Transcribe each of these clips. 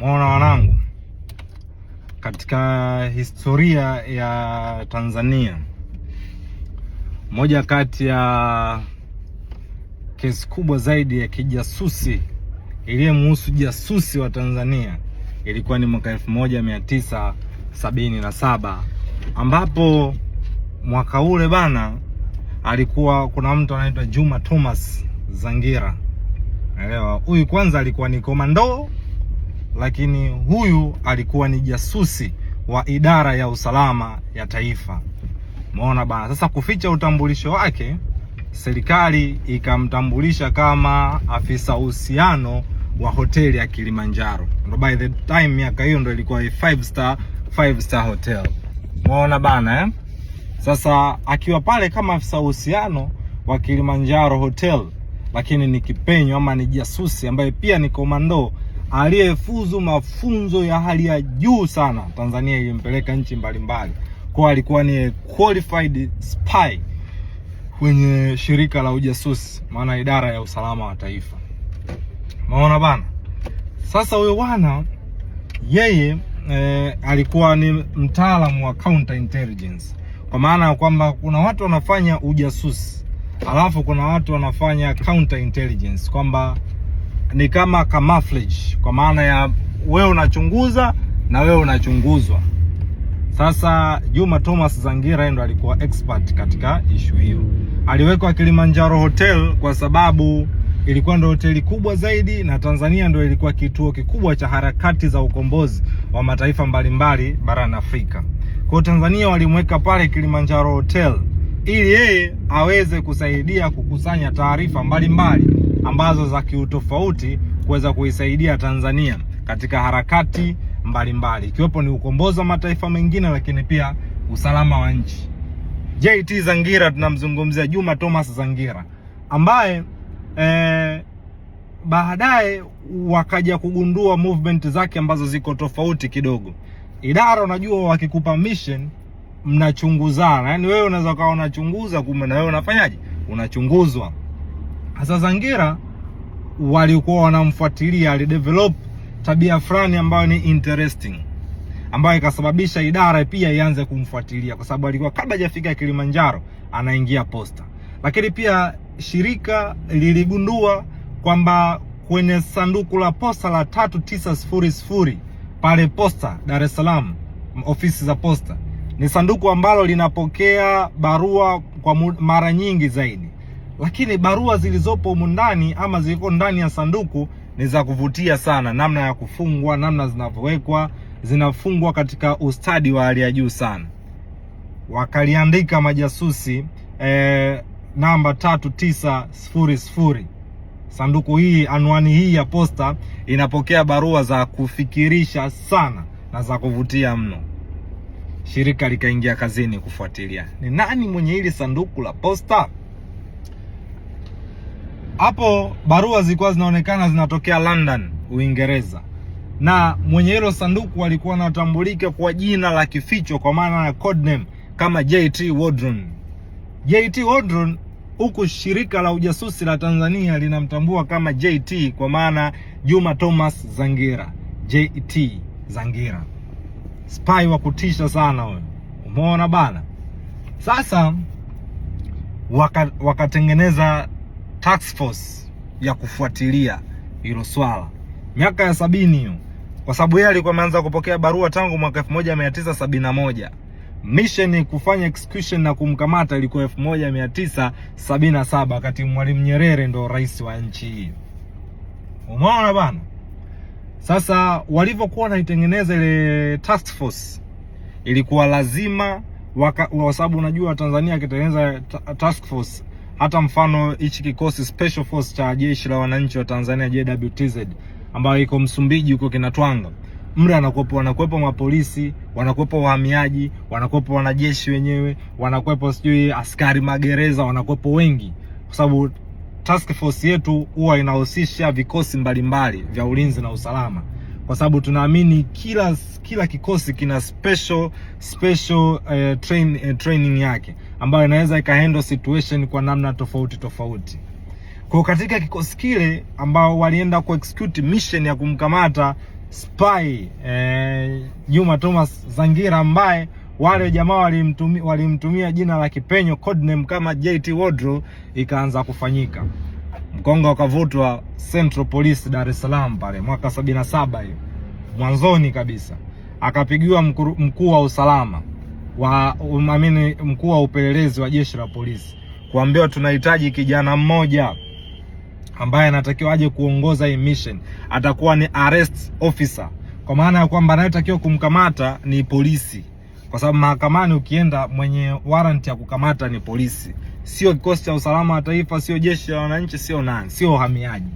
Mwaona wanangu, katika historia ya Tanzania, moja kati ya kesi kubwa zaidi ya kijasusi iliyemhusu jasusi wa Tanzania ilikuwa ni mwaka 1977 ambapo mwaka ule bana, alikuwa kuna mtu anaitwa Juma Thomas Zangira, naelewa. Huyu kwanza alikuwa ni komando lakini huyu alikuwa ni jasusi wa idara ya usalama ya taifa. Umeona bana. Sasa kuficha utambulisho wake, serikali ikamtambulisha kama afisa uhusiano wa hoteli ya Kilimanjaro. Ndo by the time miaka hiyo ndo ilikuwa five star, five star hotel. Umeona bana eh? Sasa akiwa pale kama afisa uhusiano wa Kilimanjaro hotel, lakini ni kipenyo ama ni jasusi ambaye pia ni komando aliyefuzu mafunzo ya hali ya juu sana. Tanzania ilimpeleka nchi mbalimbali, kwa alikuwa ni qualified spy kwenye shirika la ujasusi, maana idara ya usalama wa taifa. Maona bana, sasa huyo bwana yeye e, alikuwa ni mtaalamu wa counter intelligence, kwa maana ya kwamba kuna watu wanafanya ujasusi alafu kuna watu wanafanya counter intelligence kwamba ni kama camouflage, kwa maana ya wewe unachunguza na wewe unachunguzwa. Sasa Juma Thomas Zangira ndo alikuwa expert katika ishu hiyo. Aliwekwa Kilimanjaro Hotel kwa sababu ilikuwa ndo hoteli kubwa zaidi na Tanzania ndo ilikuwa kituo kikubwa cha harakati za ukombozi wa mataifa mbalimbali barani Afrika. Kwa Tanzania walimweka pale Kilimanjaro Hotel ili yeye aweze kusaidia kukusanya taarifa mbalimbali ambazo za kiutofauti kuweza kuisaidia Tanzania katika harakati mbalimbali ikiwepo ni ukombozi wa mataifa mengine, lakini pia usalama wa nchi. JT Zangira, tunamzungumzia Juma Thomas Zangira ambaye eh, baadaye wakaja kugundua movement zake ambazo ziko tofauti kidogo. Idara unajua, wakikupa mission mnachunguzana, yani wewe unaweza ukawa unachunguza, kumbe na wewe unafanyaje, unachunguzwa. Hasa Zangira walikuwa wanamfuatilia, alidevelop tabia fulani ambayo ni interesting, ambayo ikasababisha idara pia ianze kumfuatilia kwa sababu alikuwa kabla hajafika Kilimanjaro anaingia posta. Lakini pia shirika liligundua kwamba kwenye sanduku la posta la tatu tisa sifuri sifuri pale posta Dar es Salaam, ofisi za posta ni sanduku ambalo linapokea barua kwa mara nyingi zaidi lakini barua zilizopo humu ndani ama ziliko ndani ya sanduku ni za kuvutia sana, namna ya kufungwa, namna zinavyowekwa, zinafungwa katika ustadi wa hali ya juu sana. Wakaliandika majasusi eh, namba tatu tisa sifuri sifuri. Sanduku hii, anwani hii ya posta inapokea barua za kufikirisha sana na za kuvutia mno. Shirika likaingia kazini kufuatilia ni nani mwenye hili sanduku la posta hapo barua zilikuwa zinaonekana zinatokea London, Uingereza, na mwenye hilo sanduku alikuwa anatambulika kwa jina la kificho kwa maana ya code name kama JT Wardron. JT Wardron huku shirika la ujasusi la Tanzania linamtambua kama JT kwa maana Juma Thomas Zangira, JT Zangira. Spy wa kutisha sana wewe, Umeona bana? Sasa wakatengeneza task force ya kufuatilia hilo swala miaka ya sabini hiyo, kwa sababu yeye alikuwa ameanza kupokea barua tangu mwaka 1971 mission kufanya execution na kumkamata ilikuwa saba wakati Mwalimu Nyerere ndo rais wa nchi hii. Umeona bana? Sasa walivyokuwa wanaitengeneza ile task force ilikuwa lazima, kwa sababu unajua Tanzania akitengeneza task force hata mfano hichi kikosi special force cha jeshi la wananchi wa Tanzania JWTZ ambayo iko Msumbiji huko kinatwanga mle wanakuwepo wanakuwepo mapolisi, wanakuwepo wahamiaji, wanakuwepo wanajeshi wenyewe, wanakuwepo sijui askari magereza, wanakuwepo wengi, kwa sababu task force yetu huwa inahusisha vikosi mbalimbali vya ulinzi na usalama, kwa sababu tunaamini kila kila kikosi kina special special, uh, train, uh, training yake ambayo inaweza ikahandle situation kwa namna tofauti tofauti. Kwa katika kikosi kile ambao walienda ku execute mission ya kumkamata spy eh, Juma Thomas Zangira ambaye wale jamaa walimtumia walimtumia jina la kipenyo code name kama JT Wardrobe, ikaanza kufanyika mkonga wakavutwa Central Police Dar es Salaam pale mwaka 77 hiyo mwanzoni kabisa, akapigiwa mkuu wa usalama wa umamini mkuu wa upelelezi wa jeshi la polisi kuambiwa tunahitaji kijana mmoja ambaye anatakiwa aje kuongoza hii mission, atakuwa ni arrest officer, kwa maana ya kwamba anayetakiwa kumkamata ni polisi, kwa sababu mahakamani ukienda, mwenye warrant ya kukamata ni polisi, sio kikosi cha usalama wa taifa, sio jeshi la wananchi, sio nani, sio uhamiaji.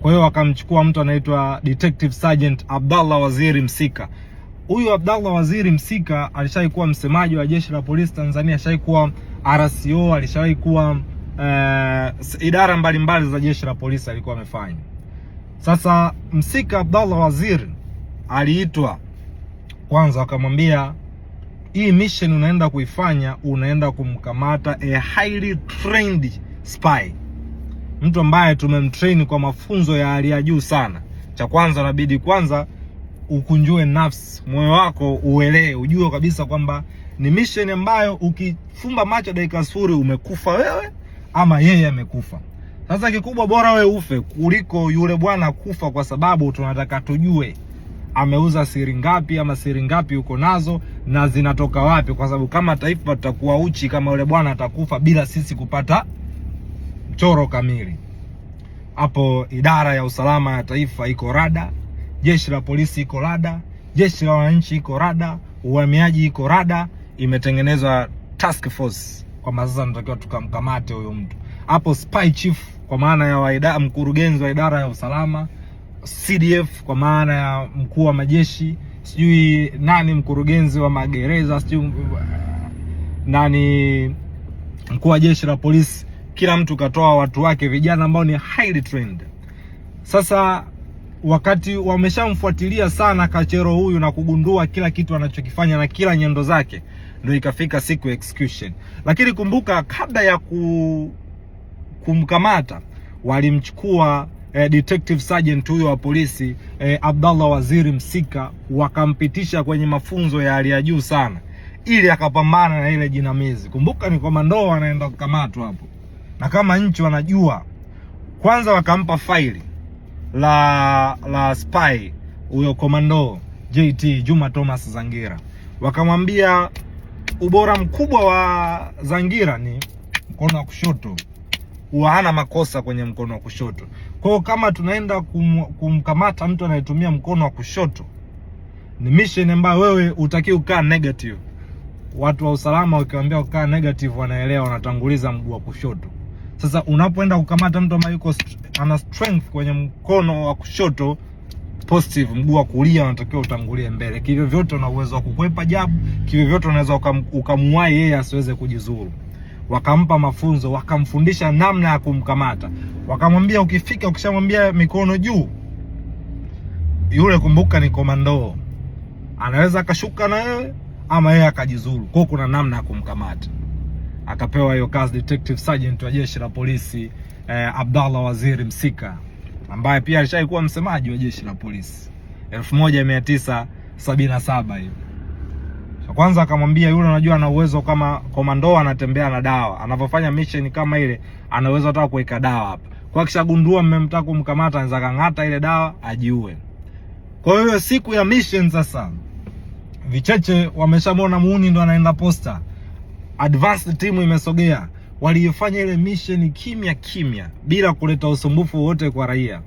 Kwa hiyo wakamchukua mtu anaitwa Detective Sergeant Abdallah Waziri Msika Huyu Abdallah Waziri Msika alishawahi kuwa msemaji wa jeshi la polisi Tanzania, alishawahi kuwa RCO, alishawahi kuwa uh, idara mbalimbali za jeshi la polisi alikuwa amefanya. Sasa Msika Abdallah Waziri aliitwa kwanza, wakamwambia hii mission unaenda kuifanya, unaenda kumkamata a highly trained spy, mtu ambaye tumemtrain kwa mafunzo ya hali ya juu sana. Cha kwanza, inabidi kwanza ukunjue nafsi, moyo wako uelee ujue kabisa kwamba ni mission ambayo ukifumba macho dakika sifuri umekufa wewe ama yeye amekufa. Sasa kikubwa bora wewe ufe kuliko yule bwana kufa, kwa sababu tunataka tujue ameuza siri ngapi ama siri ngapi uko nazo na zinatoka wapi, kwa sababu kama taifa tutakuwa uchi kama yule bwana atakufa bila sisi kupata mchoro kamili. Hapo idara ya usalama ya taifa iko rada Jeshi la polisi iko rada, jeshi la wananchi iko rada, uhamiaji iko rada, imetengenezwa task force kwamba sasa natakiwa tukamkamate huyo mtu hapo. Spy chief kwa maana ya waida, mkurugenzi wa idara ya usalama, CDF kwa maana ya mkuu wa majeshi, sijui nani, mkurugenzi wa magereza, sijui nani, mkuu wa jeshi la polisi, kila mtu katoa watu wake vijana ambao ni highly trained. Sasa wakati wameshamfuatilia sana Kachero huyu na kugundua kila kitu anachokifanya na kila nyendo zake, ndio ikafika siku ya execution. Lakini kumbuka kabla ya ku, kumkamata walimchukua eh, detective sergeant huyo wa polisi eh, Abdallah Waziri Msika, wakampitisha kwenye mafunzo ya hali ya juu sana ili akapambana na ile jinamizi. Kumbuka ni kwamba ndo wanaenda kukamatwa hapo, na kama nchi wanajua kwanza, wakampa faili la, la spy huyo komando JT Juma Thomas Zangira, wakamwambia ubora mkubwa wa Zangira ni mkono wa kushoto, huwa hana makosa kwenye mkono wa kushoto. Kwa hiyo kama tunaenda kum, kumkamata mtu anayetumia mkono wa kushoto ni mission ambayo wewe utaki ukaa negative. Watu wa usalama wakiwambia ukaa negative, wanaelewa, wanatanguliza mguu wa kushoto. Sasa unapoenda kukamata mtu ambaye yuko ana strength kwenye mkono wa kushoto positive, mguu wa kulia unatakiwa utangulie mbele. Kivyo vyote una uwezo wa kukwepa jabu, kivyo vyote unaweza ukamwahi yeye asiweze kujizuru. Wakampa mafunzo, wakamfundisha namna ya kumkamata, wakamwambia ukifika, ukishamwambia mikono juu, yule kumbuka ni komando, anaweza akashuka na wewe ama yeye akajizuru. Kwa kuna namna ya kumkamata akapewa hiyo kazi detective sergeant wa jeshi la polisi eh, Abdallah Waziri Msika ambaye pia alishawahi kuwa msemaji wa jeshi la polisi 1977 hiyo. hivi. Kwanza akamwambia yule, unajua ana uwezo kama komando, anatembea na dawa, anapofanya mission kama ile ana uwezo hata kuweka dawa hapa kwa, akishagundua mmemtaka kumkamata anaweza kang'ata ile dawa ajiue. Kwa hiyo siku ya mission sasa, vicheche wameshamwona muuni ndo anaenda posta advanced team imesogea, waliofanya ile mission kimya kimya bila kuleta usumbufu wote kwa raia.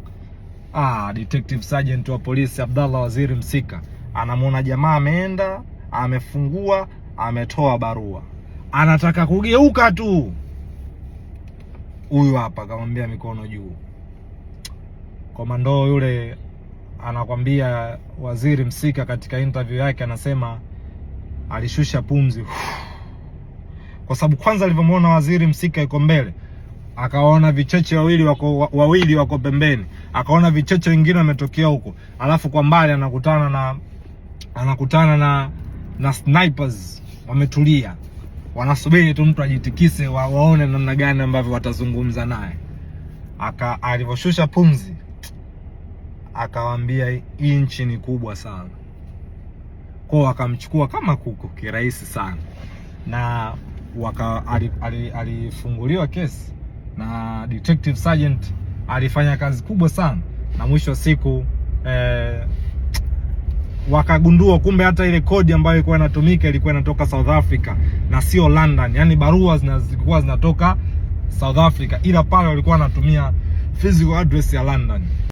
Ah, detective sergeant wa polisi Abdallah Waziri Msika anamwona jamaa ameenda, amefungua, ametoa barua, anataka kugeuka tu. Huyu hapa akamwambia mikono juu. Komando yule anakwambia Waziri Msika katika interview yake anasema alishusha pumzi kwa sababu kwanza alivyomwona waziri Msika yuko mbele, akaona vicheche wawili wako wawili wako pembeni, akaona vicheche wengine wametokea huko, alafu kwa mbali anakutana na anakutana na na snipers wametulia, wanasubiri tu mtu ajitikise wa, waone namna gani ambavyo watazungumza naye. Aka alivyoshusha pumzi akawaambia hii nchi ni kubwa sana kwao, akamchukua kama kuku kirahisi sana na alifunguliwa kesi na detective sergeant alifanya kazi kubwa sana, na mwisho wa siku eh, wakagundua kumbe hata ile kodi ambayo ilikuwa inatumika ilikuwa inatoka South Africa na sio London. Yani barua zilikuwa zinatoka South Africa, ila pale walikuwa wanatumia physical address ya London.